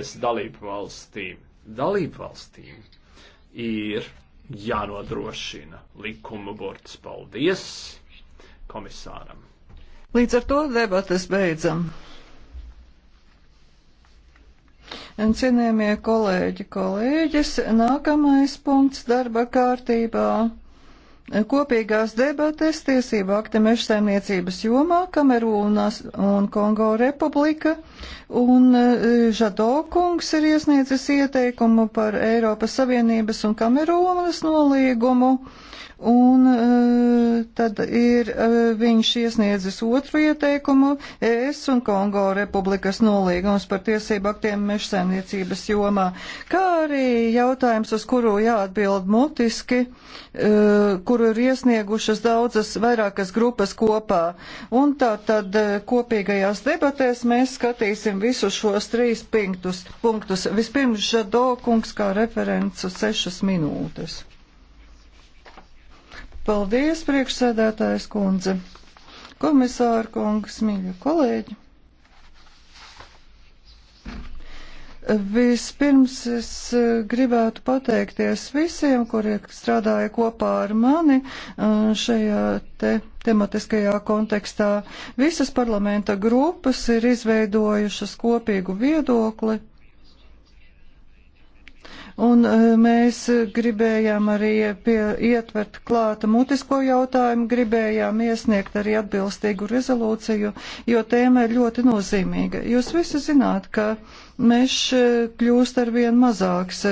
es dalību valstīm. Dalību valstīm ir jānodrošina likuma burts. Paldies komisāram! Līdz ar to debates beidzam. Cienījamie kolēģi, kolēģis, nākamais punkts darba kārtībā kopīgās debates tiesību akta mežsaimniecības jomā Kamerūnas un Kongo republika, un e, Žadokungs ir iesniedzis ieteikumu par Eiropas Savienības un Kamerūnas noliegumu Un e, tad ir e, viņš iesniedzis otru ieteikumu ES un Kongo republikas nolīgums par tiesību aktiem mežsaimniecības jomā, kā arī jautājums, uz kuru jāatbild mutiski, e, kuru ir iesniegušas daudzas vairākas grupas kopā. Un tā tad e, kopīgajās debatēs mēs skatīsim visus šos trīs punktus. punktus. Vispirms Žadokungs kā referents uz sešas minūtes. Paldies, priekšsēdētājs kundze. Komisāra kungs, mīļa kolēģi. Vispirms es eh, gribētu pateikties visiem, kuri strādāja kopā ar mani eh, šajā te tematiskajā kontekstā. Visas parlamenta grupas ir izveidojušas kopīgu viedokli Un e, mēs gribējām arī pie, ietvert klāta mutisko jautājumu, gribējām iesniegt arī atbilstīgu rezolūciju, jo tēma ir ļoti nozīmīga. Jūs visi zināt, ka mežs e, kļūst arvien mazāks.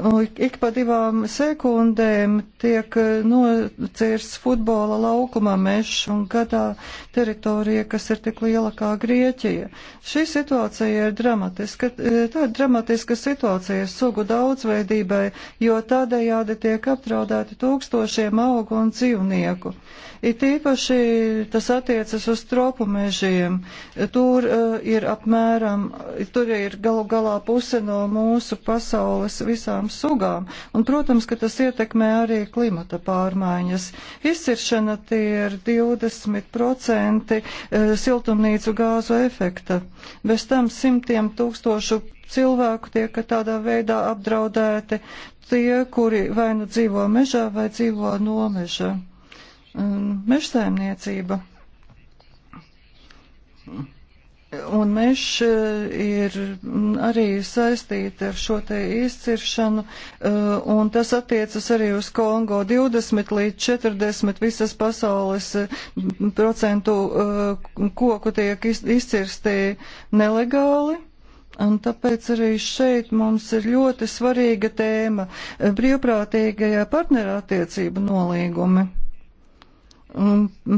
Nu, ik pa divām sekundēm tiek eh, nocirsts futbola laukuma mežs un gadā teritorija, kas ir tik liela kā Grieķija. Šī situācija ir dramatiska. Eh, tā ir dramatiska situācija sugu daudzveidībai, jo tādējādi tiek apdraudēti tūkstošiem augu un dzīvnieku. It īpaši tas attiecas uz tropu mežiem. Tur uh, ir apmēram, tur ir galu galā puse no mūsu pasaules visā visām sugām. Un, protams, ka tas ietekmē arī klimata pārmaiņas. Izciršana tie ir 20% eh, siltumnīcu gāzu efekta. Bez tam simtiem tūkstošu cilvēku tiek tādā veidā apdraudēti tie, kuri vai nu dzīvo mežā, vai dzīvo no meža. Mežsaimniecība. Mm. Un mežs eh, ir arī saistīti ar šo te izciršanu, eh, un tas attiecas arī uz Kongo 20 līdz 40 visas pasaules eh, procentu koku tiek izcirsti nelegāli. Un tāpēc arī šeit mums ir ļoti svarīga tēma - brīvprātīgajā partnerātiecību nolīgumi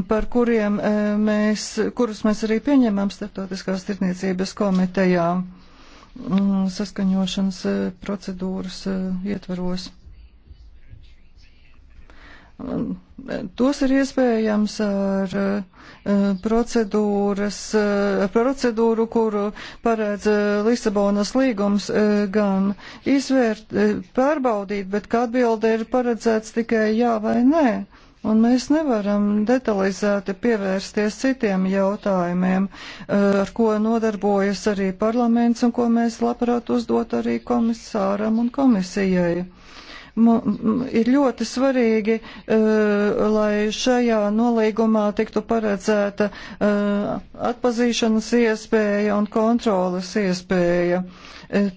par kuriem e, mēs, kurus mēs arī pieņemam starptautiskās tirniecības komitejā mm, saskaņošanas e, procedūras e, ietvaros. Tos ir iespējams ar procedūras, procedūru, kuru paredz Lisabonas līgums gan izvērt, pārbaudīt, bet kā atbilde ir paredzēts tikai jā vai nē. Un mēs nevaram detalizēti pievērsties citiem jautājumiem, eh, ar ko nodarbojas arī parlaments un ko mēs labprāt uzdot arī komisāram un komisijai. Ir ļoti svarīgi, eh, lai šajā nolīgumā tiktu paredzēta eh, atpazīšanas iespēja un kontrolas iespēja.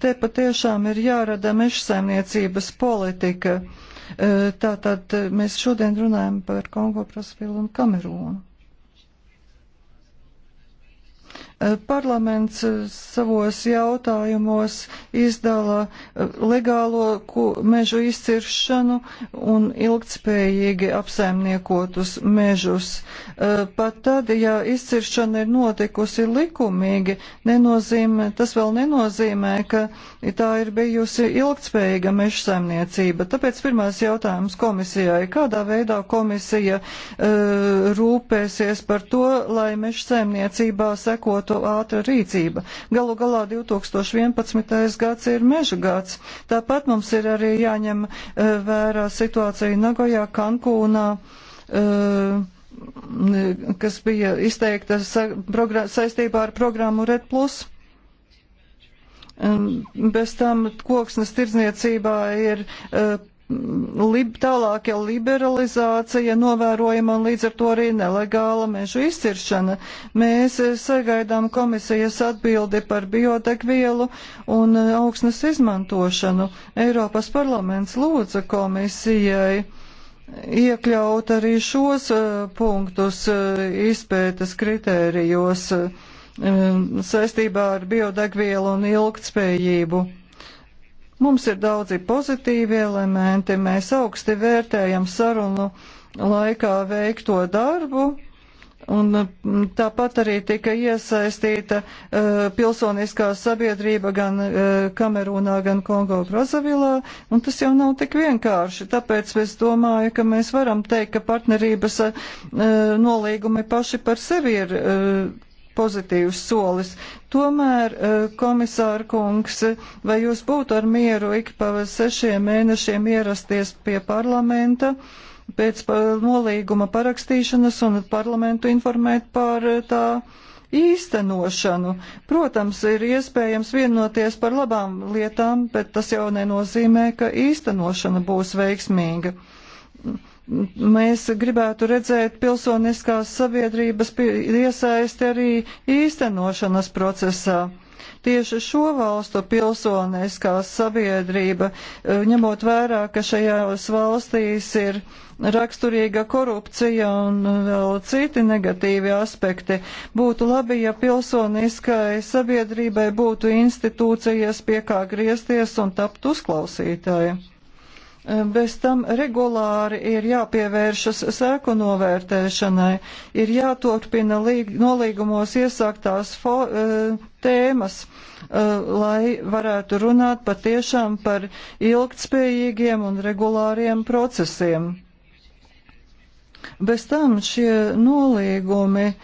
Te patiešām ir jārada mežsaimniecības politika. Tātad mēs šodien runājam par Kongo, Brazīlu un Kamerūnu. Eh, parlaments eh, savos jautājumos izdala eh, legālo mežu izciršanu un ilgtspējīgi apsaimniekotus mežus. Pat tad, ja izciršana ir notikusi likumīgi, nenozīmē, tas vēl nenozīmē, ka tā ir bijusi ilgtspējīga meža saimniecība. Tāpēc pirmais jautājums komisijai. Kādā veidā komisija uh, rūpēsies par to, lai meža saimniecībā sekot to ātra rīcība. Galu galā 2011. gads ir meža gads. Tāpat mums ir arī jāņem eh, vērā situācija Nagojā, Kankūnā. Uh, kas bija izteikta sa saistībā ar programmu Red Plus. Bez tam koksnes tirdzniecībā ir uh, lib, tālākie ja liberalizācija novērojama un līdz ar to arī nelegāla mežu izciršana. Mēs eh, sagaidām komisijas atbildi par biodegvielu un eh, augsnes izmantošanu. Eiropas parlaments lūdza komisijai iekļaut arī šos eh, punktus izpētes kritērijos saistībā ar biodegvielu un ilgtspējību. Mums ir daudzi pozitīvi elementi, mēs augsti vērtējam sarunu laikā veikto darbu, Un mm, tāpat arī tika iesaistīta uh, pilsoniskā sabiedrība gan uh, Kamerūnā, gan Kongo Brazavilā, un tas jau nav tik vienkārši. Tāpēc es domāju, ka mēs varam teikt, ka partnerības uh, nolīgumi paši par sevi ir uh, pozitīvs solis. Tomēr, eh, komisāra kungs, vai jūs būtu ar mieru ik pa sešiem mēnešiem ierasties pie parlamenta pēc nolīguma parakstīšanas un parlamentu informēt par eh, tā? īstenošanu. Protams, ir iespējams vienoties par labām lietām, bet tas jau nenozīmē, ka īstenošana būs veiksmīga. Mēs gribētu redzēt pilsoniskās sabiedrības iesaisti arī īstenošanas procesā. Tieši šo valstu pilsoniskā sabiedrība, e, ņemot vērā, ka šajās valstīs ir raksturīga korupcija un e, vēl citi negatīvi aspekti, būtu labi, ja pilsoniskai sabiedrībai būtu institūcijas, pie kā griezties un tapt uzklausītāji. Bez tam regulāri ir jāpievēršas sēku novērtēšanai, ir jāturpina nolīgumos iesāktās e, tēmas, e, lai varētu runāt patiešām par ilgtspējīgiem un regulāriem procesiem. Bez tam šie nolīgumi e,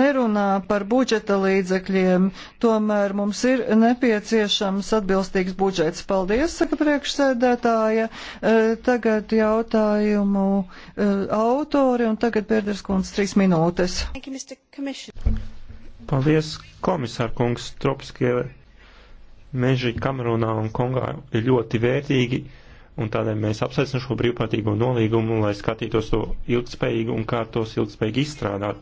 nerunā par budžeta līdzekļiem, tomēr mums ir nepieciešams atbilstīgs budžets. Paldies, saka priekšsēdētāja. E, tagad jautājumu e, autori un tagad Pērders kundze trīs minūtes. Paldies, komisārkungs, tropiskie meži Kamerunā un Kongā ir ļoti vērtīgi un tādēļ mēs apsveicam šo brīvprātīgo nolīgumu, lai skatītos to ilgspējīgi un kā tos ilgspējīgi izstrādāt.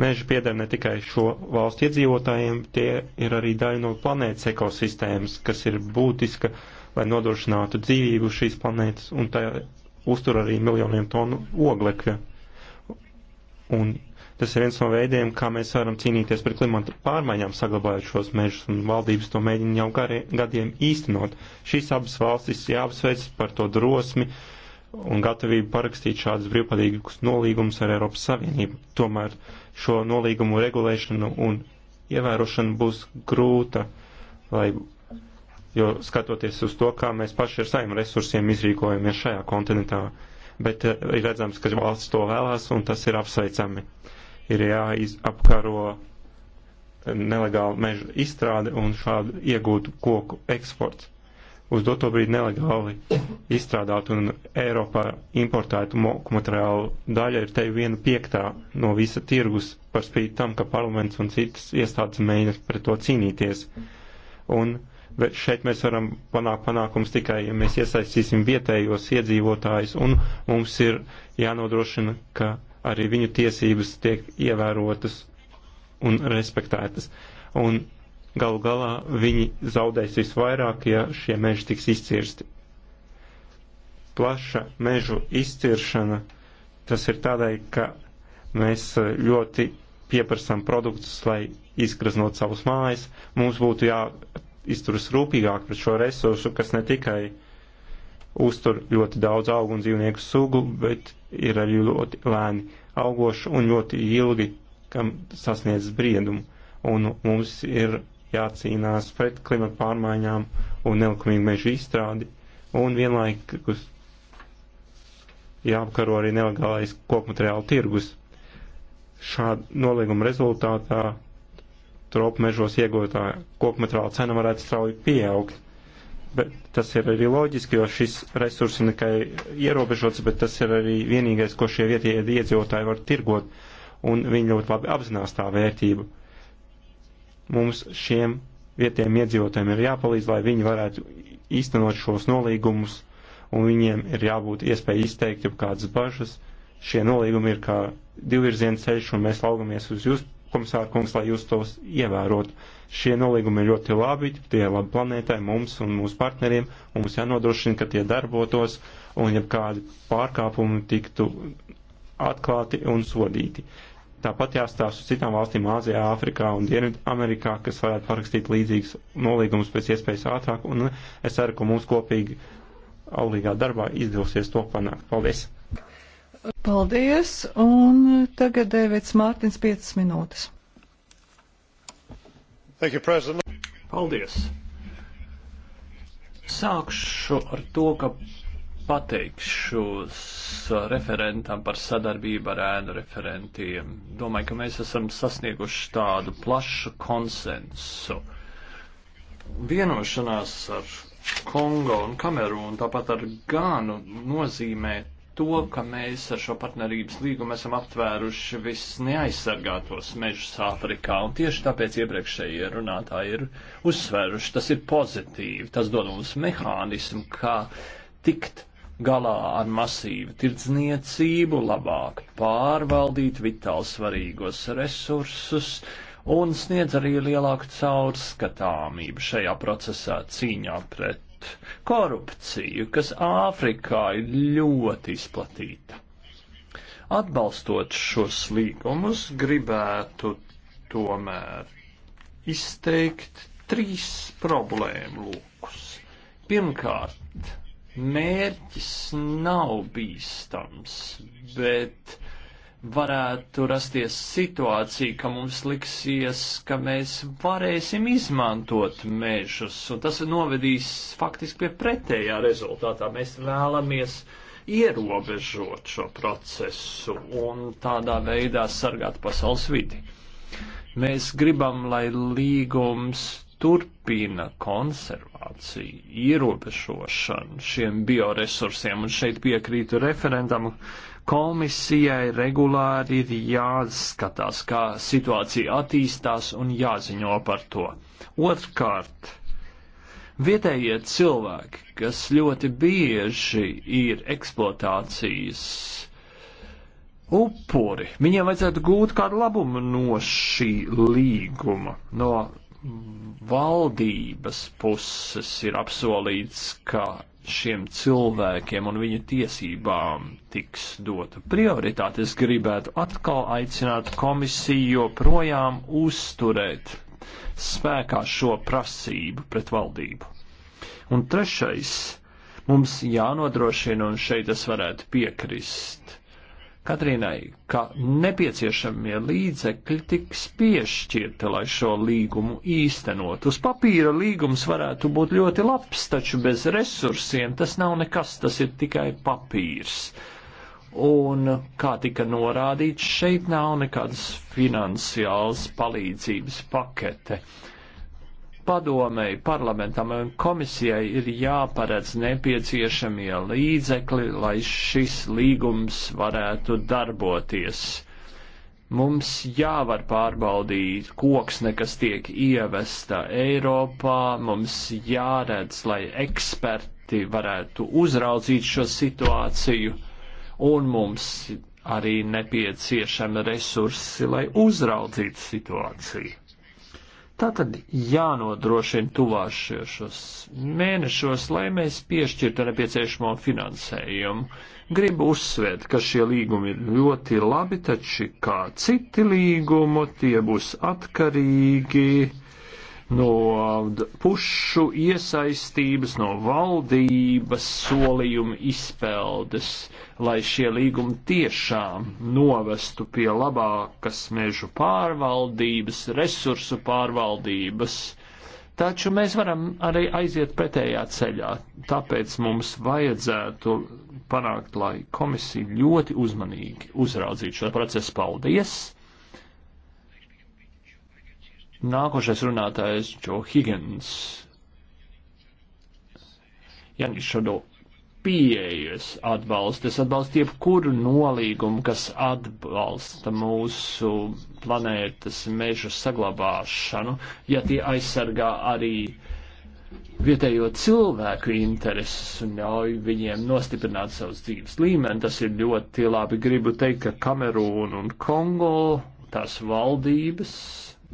Meži pieder ne tikai šo valstu iedzīvotājiem, tie ir arī daļa no planētas ekosistēmas, kas ir būtiska, lai nodrošinātu dzīvību šīs planētas, un tā uztur arī miljoniem tonu oglekļa. Un Tas ir viens no veidiem, kā mēs varam cīnīties pret klimatu pārmaiņām, saglabājot šos mežus, un valdības to mēģina jau gari, gadiem īstenot. Šīs abas valstis jāapsveic par to drosmi un gatavību parakstīt šādus brīvpadīgus nolīgumus ar Eiropas Savienību. Tomēr šo nolīgumu regulēšanu un ievērošana būs grūta, lai, jo skatoties uz to, kā mēs paši ar saviem resursiem izrīkojamies šajā kontinentā, bet eh, ir redzams, ka valsts to vēlās un tas ir apsveicami ir jāapkaro nelegāla meža izstrāde un šādu iegūtu koku eksports. Uz doto brīdi nelegāli izstrādāt un Eiropā importētu moku materiālu daļa ir te viena piektā no visa tirgus, par spīti tam, ka parlaments un citas iestādes mēģina pret to cīnīties. Un bet šeit mēs varam panākt panākums tikai, ja mēs iesaistīsim vietējos iedzīvotājus, un mums ir jānodrošina, ka arī viņu tiesības tiek ievērotas un respektētas. Un galu galā viņi zaudēs visvairāk, ja šie meži tiks izcirsti. Plaša mežu izciršana, tas ir tādēļ, ka mēs ļoti pieprasām produktus, lai izgraznot savus mājas. Mums būtu jāizturas rūpīgāk pret šo resursu, kas ne tikai uh, uztur ļoti daudz augu un dzīvnieku sugu, bet ir arī ļoti lēni augoši un ļoti ilgi, kam sasniedz briedumu. Un mums ir jācīnās pret klimatu pārmaiņām un nelikumīgu mežu izstrādi, un vienlaikus jāapkaro arī nelegālais kokmateriāla tirgus. Šāda nolīguma rezultātā tropu mežos iegūtā kokmateriāla cena varētu strauji pieaugt bet tas ir arī loģiski, jo šis resurs ir tikai ierobežots, bet tas ir arī vienīgais, ko šie vietējie iedzīvotāji var tirgot, un viņi ļoti labi apzinās tā vērtību. Mums šiem vietējiem iedzīvotājiem ir jāpalīdz, lai viņi varētu īstenot šos nolīgumus, un viņiem ir jābūt iespēja izteikt jau kādas bažas. Šie nolīgumi ir kā divvirziena ceļš, un mēs laugamies uz jūs komisāra kungs, lai jūs tos ievērotu. Šie nolīgumi ir ļoti labi, tie ir labi planētai, mums un mūsu partneriem, un mums jānodrošina, ka tie darbotos un ja kādi pārkāpumi tiktu atklāti un sodīti. Tāpat jāstāsta uz citām valstīm Āzijā, Āfrikā un Dienvidamerikā, kas varētu parakstīt līdzīgas nolīgumus pēc iespējas ātrāk, un es ceru, ka mums kopīgi auglīgā darbā izdosies to panākt. Paldies! Paldies, un tagad Dēvids Mārtiņš 5 minūtes. Thank you, President. Paldies. Sākšu ar to, ka pateikšu referentam par sadarbību ar ēnu referentiem. Domāju, ka mēs esam sasnieguši tādu plašu konsensu. Vienošanās ar Kongo un Kamerūnu, tāpat ar Gānu, nozīmē to, ka mēs ar šo partnerības līgumu esam aptvēruši visus neaizsargātos mežus Āfrikā, un tieši tāpēc iepriekšējie runātāji ir uzsvēruši, tas ir pozitīvi, tas dod mums mehānismu, kā tikt galā ar masīvu tirdzniecību, labāk pārvaldīt vitāli svarīgos resursus, un sniedz arī lielāku caurskatāmību šajā procesā cīņā pret pret korupciju, kas Āfrikā ir ļoti izplatīta. Atbalstot šos līgumus, gribētu tomēr izteikt trīs problēmu lūkus. Pirmkārt, mērķis nav bīstams, bet varētu rasties situācija, ka mums liksies, ka mēs varēsim izmantot mežus, un tas novedīs faktiski pie pretējā rezultātā. Mēs vēlamies ierobežot šo procesu un tādā veidā sargāt pasaules vidi. Mēs gribam, lai līgums turpina konservāciju, ierobežošanu šiem bioresursiem, un šeit piekrītu referentam, uh, Komisijai regulāri ir jāskatās, kā situācija attīstās un jāziņo par to. Otrkārt, vietējie cilvēki, kas ļoti bieži ir eksploatācijas upuri, viņiem vajadzētu gūt kādu labumu no šī līguma, no valdības puses ir apsolīts, ka šiem cilvēkiem un viņu tiesībām tiks dota prioritāte, es gribētu atkal aicināt komisiju joprojām uzturēt spēkā šo prasību pret valdību. Un trešais, mums jānodrošina, un šeit es varētu piekrist, Katrīnai, ka nepieciešamie līdzekļi tiks piešķirti, lai šo līgumu īstenot. Uz papīra līgums varētu būt ļoti labs, taču bez resursiem tas nav nekas, tas ir tikai papīrs. Un, kā tika norādīts, šeit nav nekādas finansiālas palīdzības pakete. Uh, padomei, parlamentam un komisijai ir jāparedz nepieciešamie līdzekli, lai šis līgums varētu darboties. Mums jāvar pārbaudīt koksne, kas tiek ievesta Eiropā, mums jāredz, lai eksperti varētu uzraudzīt šo situāciju, un mums arī nepieciešami resursi, lai uzraudzītu situāciju. Tātad jānodrošina tuvāšos mēnešos, lai mēs piešķirtu nepieciešamo finansējumu. Gribu uzsvērt, ka šie līgumi ir ļoti labi, taču kā citi līgumu tie būs atkarīgi no pušu iesaistības, no valdības solījuma izpeldes, lai šie līgumi tiešām novestu pie labākas mežu pārvaldības, resursu pārvaldības. Taču mēs varam arī aiziet pretējā ceļā, tāpēc mums vajadzētu panākt, lai komisija ļoti uzmanīgi uzraudzītu šo procesu. Paldies! Nākošais runātājs Džo Higgins. Ja viņš šādu pieejas atbalstu, es atbalstu jebkuru nolīgumu, kas atbalsta mūsu planētas mežu saglabāšanu, ja tie aizsargā arī vietējo cilvēku intereses un ļauj viņiem nostiprināt savus dzīves līmeni. Tas ir ļoti labi. Gribu teikt, ka Kamerūna un Kongo, tās valdības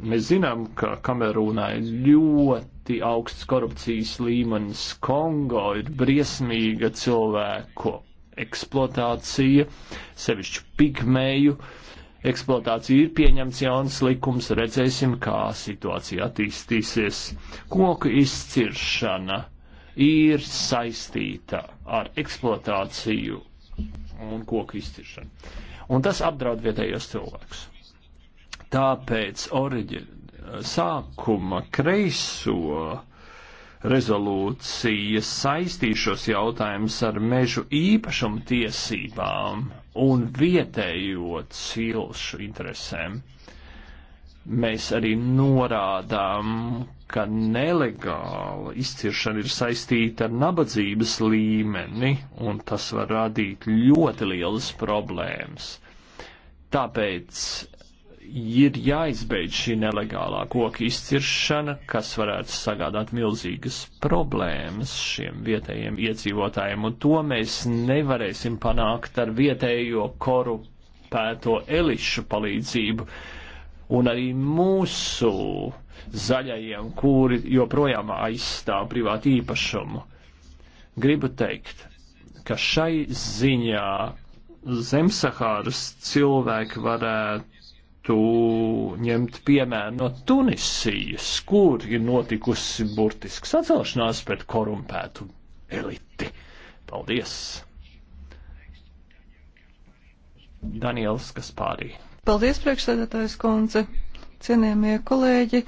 Mēs zinām, ka Kamerūnā ir ļoti augsts korupcijas līmenis, Kongo ir briesmīga cilvēku eksploatācija, sevišķi pigmēju eksploatācija ir pieņemts jauns likums, redzēsim, kā situācija attīstīsies. Koku izciršana ir saistīta ar eksploatāciju un koku izciršanu. Un tas apdraud vietējos cilvēkus. Tāpēc oriģina sākuma kreiso rezolūcija saistīja šos jautājumus ar mežu īpašumu tiesībām un vietējo cilšu interesēm. Mēs arī norādām, ka nelegāla izciršana ir saistīta ar nabadzības līmeni, un tas var radīt ļoti lielas problēmas. Tāpēc ir jāizbeidz šī nelegālā koka izciršana, kas varētu sagādāt milzīgas problēmas šiem vietējiem iedzīvotājiem, un to mēs nevarēsim panākt ar vietējo korupēto elišu palīdzību un arī mūsu zaļajiem, kuri joprojām aizstāv privātu īpašumu. Gribu teikt, ka šai ziņā Zemsahāras cilvēki varētu varētu ņemt piemēru no Tunisijas, kur ir notikusi burtiska sacelšanās pret korumpētu eliti. Paldies! Daniels Kaspārī. Paldies, priekšsēdētājs Konce! Cienījamie kolēģi,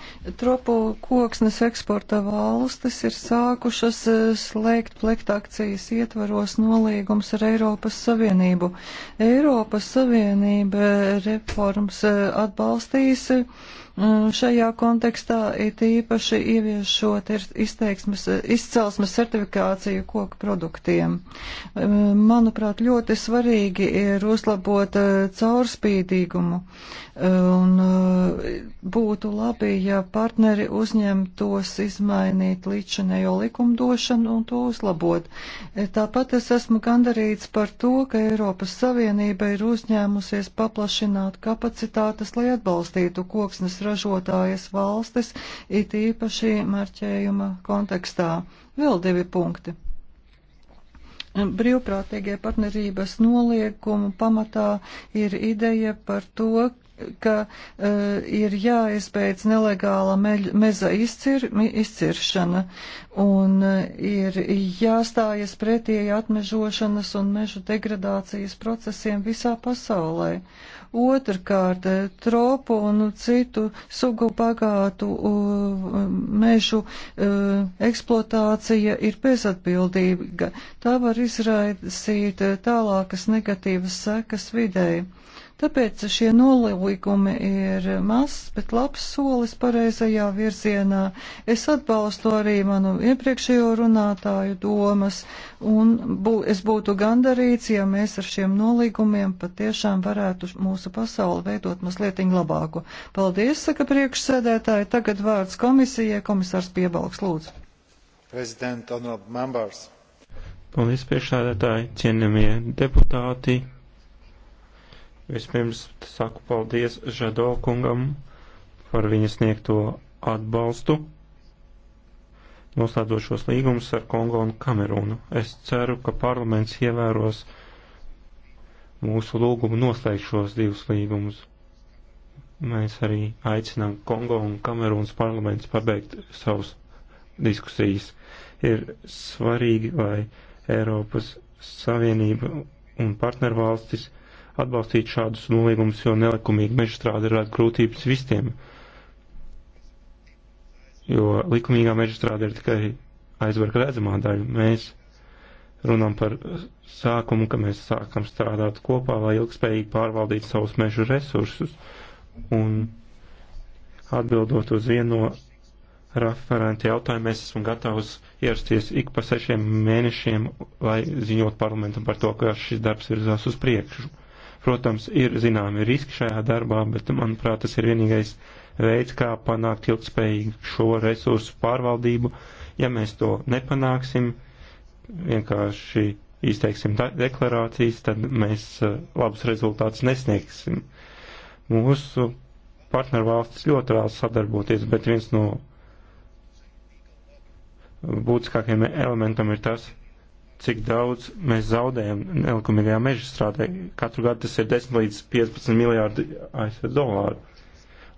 tropu koksnes eksporta valstis ir sākušas eh, slēgt plektakcijas ietvaros nolīgums ar Eiropas Savienību. Eiropas Savienība reformas eh, atbalstīs Mm, šajā kontekstā it īpaši ieviešot ir izcelsmes certifikāciju koku produktiem. Mm, manuprāt, ļoti svarīgi ir uzlabot eh, caurspīdīgumu un eh, būtu labi, ja partneri uzņemtos izmainīt līdzinējo likumdošanu un to uzlabot. Eh, tāpat es esmu gandarīts par to, ka Eiropas Savienība ir uzņēmusies paplašināt kapacitātes, lai atbalstītu koksnes ražošanu ražotājas valstis, it īpaši marķējuma kontekstā. Vēl divi punkti. Brīvprātīgie partnerības noliekumu pamatā ir ideja par to, ka uh, ir jāizbeidz nelegāla meļ, meza izcir, izciršana un uh, ir jāstājas pretī atmežošanas un mežu degradācijas procesiem visā pasaulē. Uh, Otrkārt, eh, tropu un citu sugu bagātu eh, mežu eh, eksploatācija ir bezatbildīga. Tā var izraisīt tālākas negatīvas sekas videi. Tāpēc šie nolīgumi ir mazs, bet labs solis pareizajā virzienā. Es atbalstu arī manu iepriekšējo runātāju domas, un bū, es būtu gandarīts, ja mēs ar šiem nolīgumiem patiešām varētu mūsu pasauli veidot mazliet labāku. Paldies, saka priekšsēdētāji. Tagad vārds komisijai, komisārs Piebalgs, lūdzu. Prezident, honorable members. Paldies, priekšsēdētāji, cienījamie deputāti, Vispirms saku paldies Žado kungam par viņa sniegto atbalstu noslēdzošos līgumus ar Kongo un Kamerūnu. Es ceru, ka parlaments ievēros mūsu lūgumu noslēgt šos divus līgumus. Mēs arī aicinām Kongo un Kamerūnas parlaments pabeigt savus diskusijas. Ir svarīgi, lai Eiropas Savienība un partnervalstis atbalstīt šādus nolīgumus, jo nelikumīgi meža strāde rada grūtības visiem, jo likumīgā meža strāde ir tikai aizvarga redzamā daļa. Mēs runām par sākumu, ka mēs sākam strādāt kopā, lai ilgspējīgi pārvaldītu savus mežu resursus. Un atbildot uz vieno referenta jautājumu, mēs esam gatavs ierasties ik pa sešiem mēnešiem, lai ziņot parlamentam par to, ka šis darbs virzās uz priekšu. Protams, ir zināmi riski šajā darbā, bet, manuprāt, tas ir vienīgais veids, kā panākt ilgspējīgu šo resursu pārvaldību. Ja mēs to nepanāksim, vienkārši izteiksim deklarācijas, tad mēs eh, labus rezultātus nesniegsim. Mūsu partnervalstis ļoti vēlas sadarboties, bet viens no būtiskākajiem elementam ir tas, cik daudz mēs zaudējam nelikumīgajā meža strādē. Katru gadu tas ir 10 līdz 15 miljārdi ASV dolāru.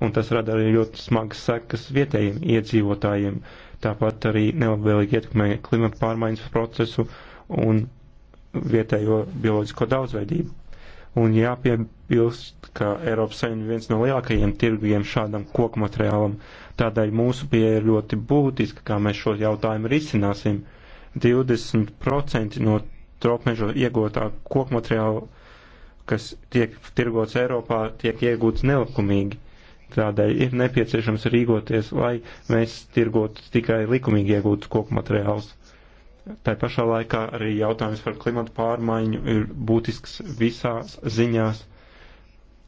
Un tas rada arī ļoti smagas sekas vietējiem iedzīvotājiem. Tāpat arī nelabvēlīgi ietekmē klimata pārmaiņas procesu un vietējo bioloģisko daudzveidību. Un jāpiebilst, ka Eiropas Savienība ir viens no lielākajiem tirgiem šādam koku materiālam. Tādēļ mūsu pieeja ir ļoti būtiska, kā mēs šo jautājumu risināsim. Ar 20% no tropmeža iegūtā kokmateriāla, kas tiek tirgots Eiropā, tiek iegūts nelikumīgi. Tādēļ ir nepieciešams rīkoties, lai mēs tirgotu tikai likumīgi iegūtus kokmateriālus. Tā pašā laikā arī jautājums par klimatu pārmaiņu ir būtisks visās ziņās.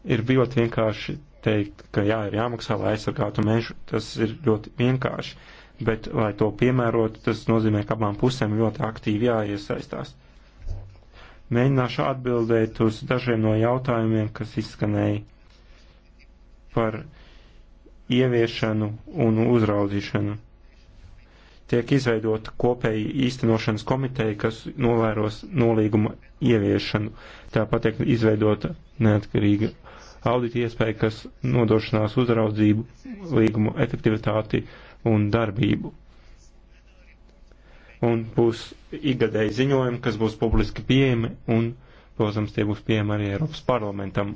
Ir ļoti vienkārši teikt, ka jā, ir jāmaksā, lai aizsargātu mežu. Tas ir ļoti vienkārši bet, lai to piemērotu, tas nozīmē, ka abām pusēm ļoti aktīvi jāiesaistās. Mēģināšu atbildēt uz dažiem no jautājumiem, kas izskanēja par ieviešanu un uzraudzīšanu. Tiek izveidota kopēja īstenošanas komiteja, kas novēros nolīguma ieviešanu. Tāpat tiek izveidota neatkarīga audita iespēja, kas nodrošinās uzraudzību, līgumu efektivitāti un darbību. Un būs igadēji ziņojumi, kas būs publiski pieejami, un, protams, tie būs pieejami arī Eiropas parlamentam.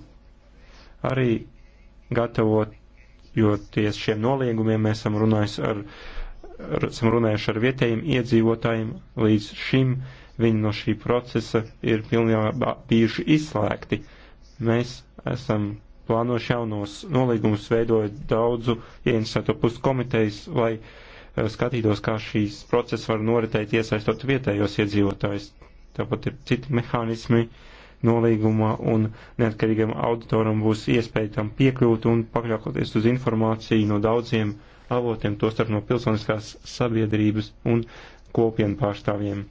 Arī gatavot, jo ties šiem noliegumiem mēs esam runājuši ar, ar, esam runājuši ar vietējiem iedzīvotājiem līdz šim. Viņi no šī procesa ir pilnībā bijuši izslēgti. Mēs esam plānoši jaunos nolīgumus veidojot daudzu ieinteresēto pusu komitejas, lai eh, skatītos, kā šīs procesas var noritēt iesaistot vietējos iedzīvotājus. Tāpat ir citi mehānismi nolīgumā un neatkarīgam auditoram būs iespēja tam piekļūt un pakļaukoties uz informāciju no daudziem avotiem, tostarp no pilsoniskās sabiedrības un kopienu pārstāvjiem.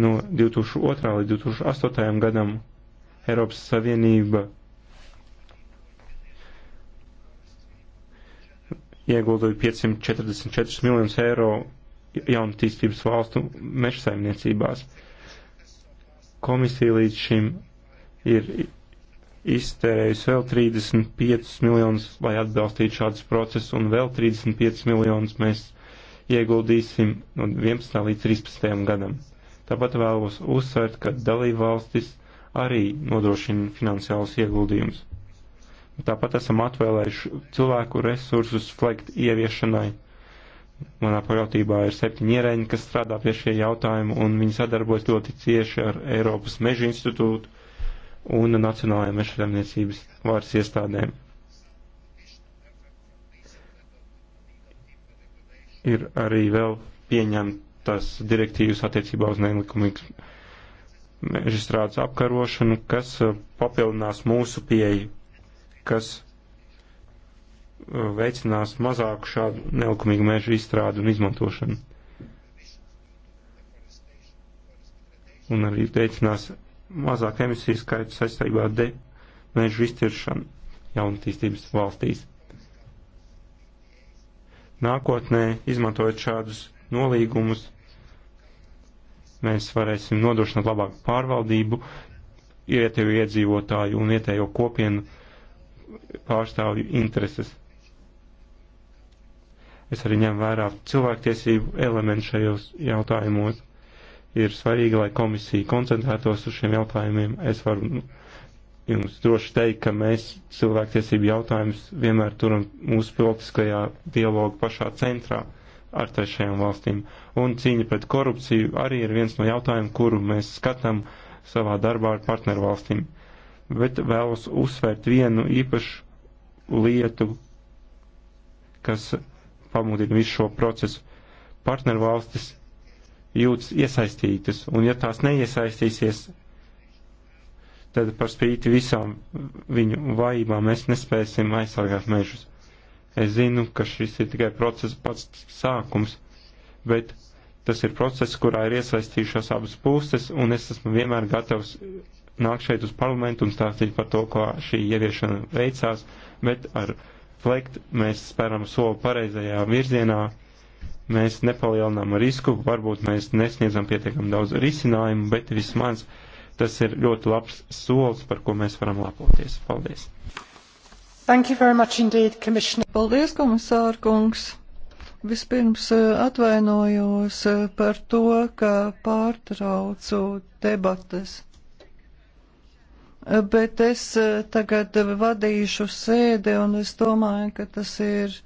No 2002. līdz 2008. gadam Eiropas Savienība ieguldot 544 miljonus eiro jaunatīstības valstu meža saimniecībās. Komisija līdz šim ir iztērējusi vēl 35 miljonus, lai atbalstītu šādus procesus, un vēl 35 miljonus mēs ieguldīsim no 11. līdz 13. gadam. Tāpat vēlos uzsvērt, ka dalībvalstis arī nodrošina finansiālus ieguldījumus. Tāpat esam atvēlējuši cilvēku resursus flekt ieviešanai. Manā paļautībā ir septiņi ierēņi, kas strādā pie šie jautājumi, un viņi sadarbojas ļoti cieši ar Eiropas Meža institūtu un Nacionālajām mežsaimniecības varas iestādēm. Ir arī vēl pieņemtas direktīvas attiecībā uz nelikumīgu mežstrādes apkarošanu, kas uh, papildinās mūsu pieeju, kas uh, veicinās mazāku šādu nelikumīgu mežu izstrādu un izmantošanu. Un arī veicinās mazāk emisiju skaitu saistībā ar mežu izciršanu jaunatīstības valstīs. Nākotnē, izmantojot šādus nolīgumus, mēs varēsim nodrošināt labāku pārvaldību vietējo iedzīvotāju un vietējo kopienu pārstāvju intereses. Es arī ņemu vērā cilvēktiesību elementu šajos jautājumos. Ir svarīgi, lai komisija koncentrētos uz šiem jautājumiem. Es varu nu, jums droši teikt, ka mēs cilvēktiesību jautājumus vienmēr turam mūsu politiskajā dialogu pašā centrā ar trešajām valstīm. Un cīņa pret korupciju arī ir viens no jautājumiem, kuru mēs skatām savā darbā ar partneru valstīm. Bet vēlos uzsvērt vienu īpašu lietu, kas pamudina visu šo procesu. Partneru valstis jūtas iesaistītas, un ja tās neiesaistīsies, tad par spīti visām viņu vājībām mēs nespēsim aizsargāt mežus. Es zinu, ka šis ir tikai process pats sākums, bet tas ir process, kurā ir iesaistījušās abas puses, un es esmu vienmēr gatavs nākt šeit uz parlamentu un stāstīt par to, kā šī ieviešana veicās, bet ar flekt mēs spēram soli pareizajā virzienā, mēs nepalielinām risku, varbūt mēs nesniedzam pietiekam daudz risinājumu, bet vismaz tas ir ļoti labs solis, par ko mēs varam lepoties. Paldies! Indeed, Paldies, komisārkungs! Vispirms eh, atvainojos eh, par to, ka pārtraucu debates eh, bet es tagad vadīšu sēdi un es domāju, ka tas ir